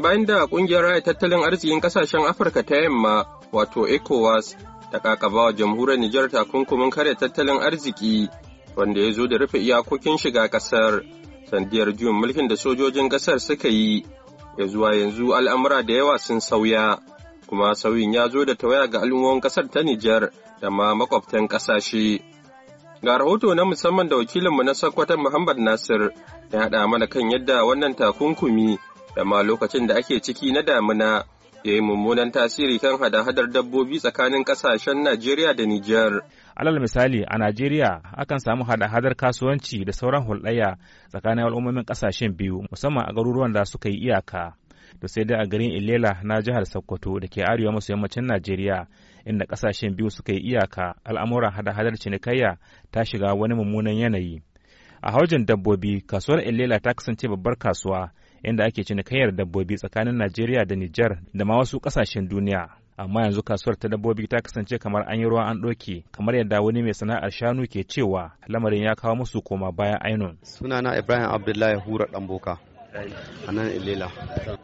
bayan da kungiyar raya tattalin arzikin kasashen Afirka ta yamma wato ECOWAS ta kakaba wa jamhuriyar Nijar takunkumin kare tattalin arziki wanda ya zo da rufe iyakokin shiga kasar sandiyar juyin mulkin da sojojin kasar suka yi ya zuwa yanzu al'amura da yawa sun sauya kuma sauyin ya zo da tawaya ga al'ummomin kasar ta Nijar da ma makwabtan kasashe. Ga rahoto na musamman da wakilinmu na Sokoto Muhammad Nasir ya haɗa mana kan yadda wannan takunkumi da ma lokacin da ake ciki na damina ya yi mummunan tasiri kan hada-hadar dabbobi tsakanin kasashen Najeriya da Nijar. Alal misali a Najeriya akan samu hada-hadar kasuwanci da sauran hulɗaya tsakanin al'ummomin kasashen biyu musamman a garuruwan da suka yi iyaka. Da sai dai a garin Ilela na jihar Sokoto da ke arewa maso yammacin Najeriya inda kasashen biyu suka yi iyaka al'amuran hada-hadar cinikayya ta shiga wani mummunan yanayi. A haujin dabbobi kasuwar Ilela ta kasance babbar kasuwa inda ake cinikayyar dabbobi tsakanin Najeriya da Nijar da ma wasu kasashen duniya. Amma yanzu kasuwar ta dabbobi ta kasance kamar an yi ruwa an ɗoki, kamar yadda wani mai sana'ar shanu ke cewa lamarin ya kawo musu koma bayan ainun. Sunana Ibrahim Abdullahi Hura Ɗanboka. a nan ilela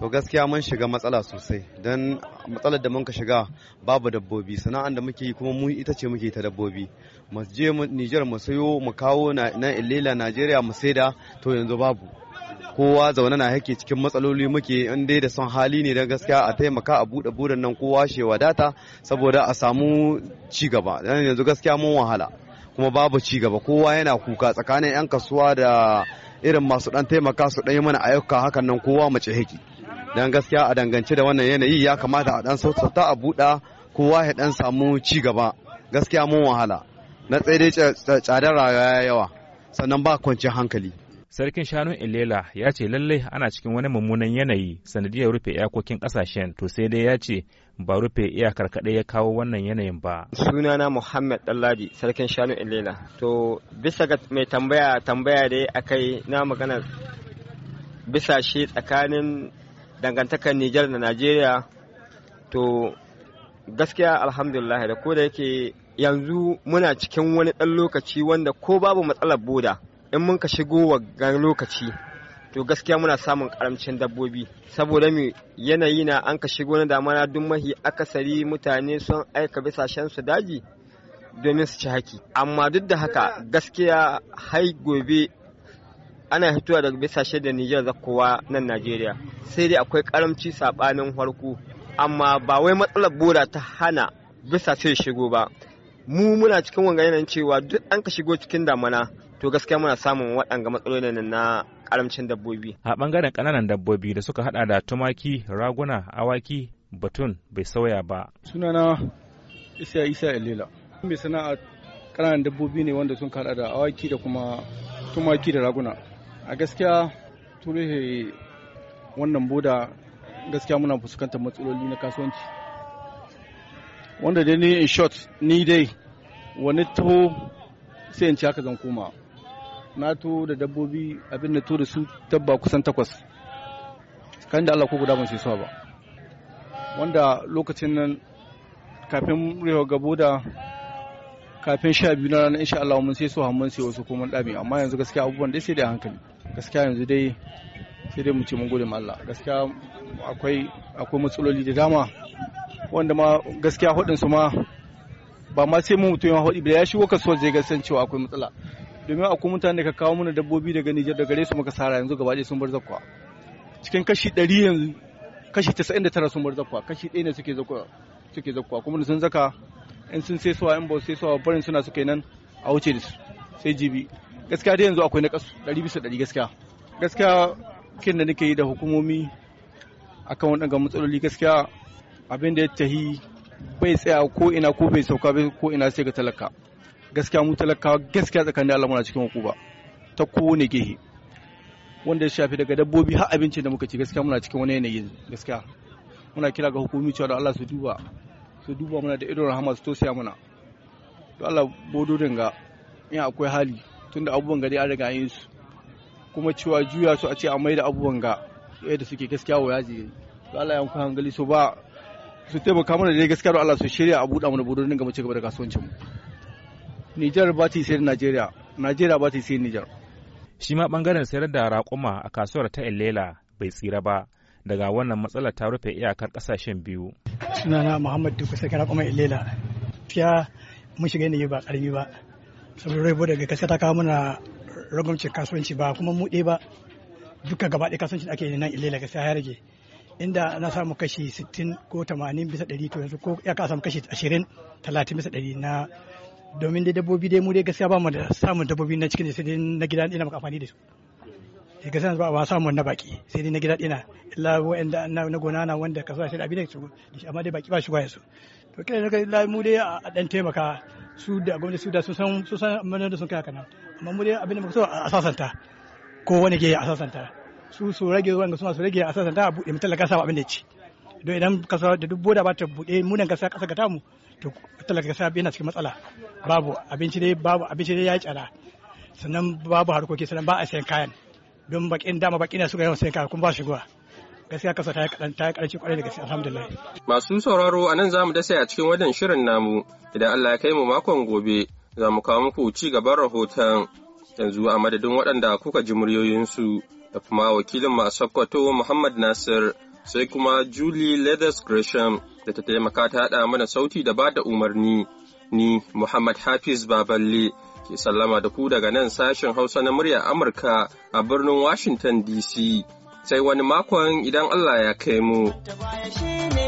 to gaskiya mun shiga matsala sosai don matsalar da muka shiga babu dabbobi sana'an da muke yi kuma mu ita ce muke ta dabbobi mu je Nijar mu sayo mu kawo nan ilela Najeriya mu saida to yanzu babu kowa zaune na yake cikin matsaloli muke in dai da son hali ne don gaskiya a taimaka a buɗe buɗe nan kowa shi wadata saboda a samu ci gaba dan yanzu gaskiya mun wahala kuma babu ci gaba kowa yana kuka tsakanin yan kasuwa da irin masu ɗan taimaka su dan yi mana ayyuka hakan nan kowa mace hiki dan gaskiya a dangance da wannan yanayi ya kamata a dan sautata a buɗa kowa ya ɗan samu ci gaba gaskiya mun wahala na tsaye dai tsadar rayuwa yawa sannan ba kwanciyar hankali sarkin shanun ilela ya ce lallai ana cikin wani mummunan yanayi sanadiyar rufe iyakokin kasashen to sai dai ya ce ba rufe iyakar kaɗai ya kawo wannan yanayin ba sunana muhammad ɗanladi sarkin shanu ilela to bisa ga mai tambaya tambaya dai akai na magana bisa shi tsakanin dangantakar nijar da najeriya to gaskiya alhamdulillah da ko da yake yanzu muna cikin wani ɗan lokaci wanda ko babu matsalar boda in mun ka shigo wa lokaci to gaskiya muna samun karamcin dabbobi saboda mi yanayi na an ka shigo na damana duk mahi akasari mutane sun aika bisashen su daji domin su ci haki amma duk da haka gaskiya hai gobe ana hitowa daga bisashe da Nijar kowa nan Najeriya sai dai akwai karamci sabanin farko amma ba wai matsalar bora ta hana bisa sai shigo ba mu muna cikin wanga yanayin cewa duk an ka shigo cikin damana to gaskiya muna samun waɗanga matsalolin na karamcin dabbobi a bangaren ƙananan dabbobi da suka haɗa da tumaki raguna awaki batun bai sauya ba sunana isa isa elela mai sana'a ƙananan dabbobi ne wanda sun hada da awaki da kuma tumaki da raguna a gaskiya turehe wannan boda gaskiya muna fuskantar matsaloli na kasuwanci wanda dai ni in short ni dai wani taho sai in ci haka zan koma na to da dabbobi abin na to da su tabba kusan takwas kan da Allah ko guda ban su ba wanda lokacin nan kafin rewa gabo da kafin sha biyu na ranar insha Allah mun sai su mun sai wasu kuma dami amma yanzu gaskiya abubuwan dai sai dai hankali gaskiya yanzu dai sai dai mu ce mun gode ma Allah gaskiya akwai akwai matsaloli da dama wanda ma gaskiya hudun su ma ba ma sai mun mutum ya hudu ya shigo kasuwar zai ga san cewa akwai matsala domin akwai mutane da ka kawo mana dabbobi daga Nijar da gare su muka sara yanzu gaba sun bar zakwa cikin kashi ɗari yanzu kashi 99 da sun bar zakwa kashi ɗaya ne suke zakwa suke zakwa kuma da sun zaka in sun sai suwa in ba sai suwa barin suna suke nan a wuce da su sai jibi gaskiya dai yanzu akwai na kasu ɗari bisa ɗari gaskiya gaskiya kin da nake yi da hukumomi akan ga matsaloli gaskiya abin da ya tahi bai tsaya ko ina ko bai sauka ko ina sai ga talaka gaskiya mu talakawa gaskiya tsakanin Allah muna cikin hukuba ta kowane gehe wanda ya shafi daga dabbobi har abincin da muka ci gaskiya muna cikin wani yanayi gaskiya muna kira ga hukumi cewa da Allah su duba su duba muna da idon rahama su tosiya muna to Allah bodo dinga in akwai hali tunda abubuwan gari an riga yin su kuma cewa juya su a ce a maida abubuwan ga yadda suke gaskiya wa yaji to Allah ya hankali su ba su taimaka mana da gaskiya da Allah su shirya a buɗa mana bodo ga mu ci gaba da kasuwancin mu Nijar ba ta sayar Najeriya, Najeriya ba ta sayar Nijar. Shi ma bangaren sayar da raƙuma a kasuwar ta Ilela bai tsira ba daga wannan matsala ta rufe iyakar ƙasashen biyu. Sunana Muhammad Duka sai raƙuma Ilela. Fiya mun shiga yanayi ba ƙarami ba. Saboda raibo daga kasa ta kawo mana ragwamcin kasuwanci ba kuma mu ba duka gaba ɗaya kasuwancin ake yi nan Ilela ga ya rage. inda na samu kashi 60 ko 80 bisa 100 to yanzu ko ya ka samu kashi 20 30 bisa 100 na domin dai dabbobi dai mu dai gaskiya ba mu da samun dabbobi na cikin sai dai na gida ina maka amfani da su eh gaskiya ba ba samun na baki sai dai na gida ina illa wanda na gona na wanda kasuwa sai da abin da su amma dai baki ba shi wayan su to kai na mu dai a dan taimaka su da gwamnati su da sun san sun san manar da sun kai kana amma mu dai abin da muka so a sasanta ko wani ke a sasanta su su rage wanda suna su rage a sasanta a buɗe mutallaka sa abin da ya ci don idan kasa da dubbo da ba ta buɗe munan kasa kasa ga tamu to talaka kasa yana cikin matsala babu abinci dai babu abinci dai yi tsada sannan babu harkoki sannan ba a sayan kayan don bakin dama bakin da suka yawan sayan kayan kuma ba shigowa gaskiya kasa ta yi kaɗan ta yi ƙaranci kwarai da gaske alhamdulillah. Masu sauraro a nan za mu dasa a cikin wannan shirin namu idan Allah ya kai mu makon gobe za mu kawo muku ci gaban rahoton yanzu a madadin waɗanda kuka ji muryoyinsu da kuma wakilin masu Sokoto Muhammad Nasir sai kuma Julie Leathers Gresham da ta taimaka ta haɗa mana sauti da ba da umarni. Ni Muhammad Hafiz Baballe ke sallama da ku daga nan sashen Hausa na murya Amurka a birnin Washington DC. Sai wani makon idan Allah ya kai mu.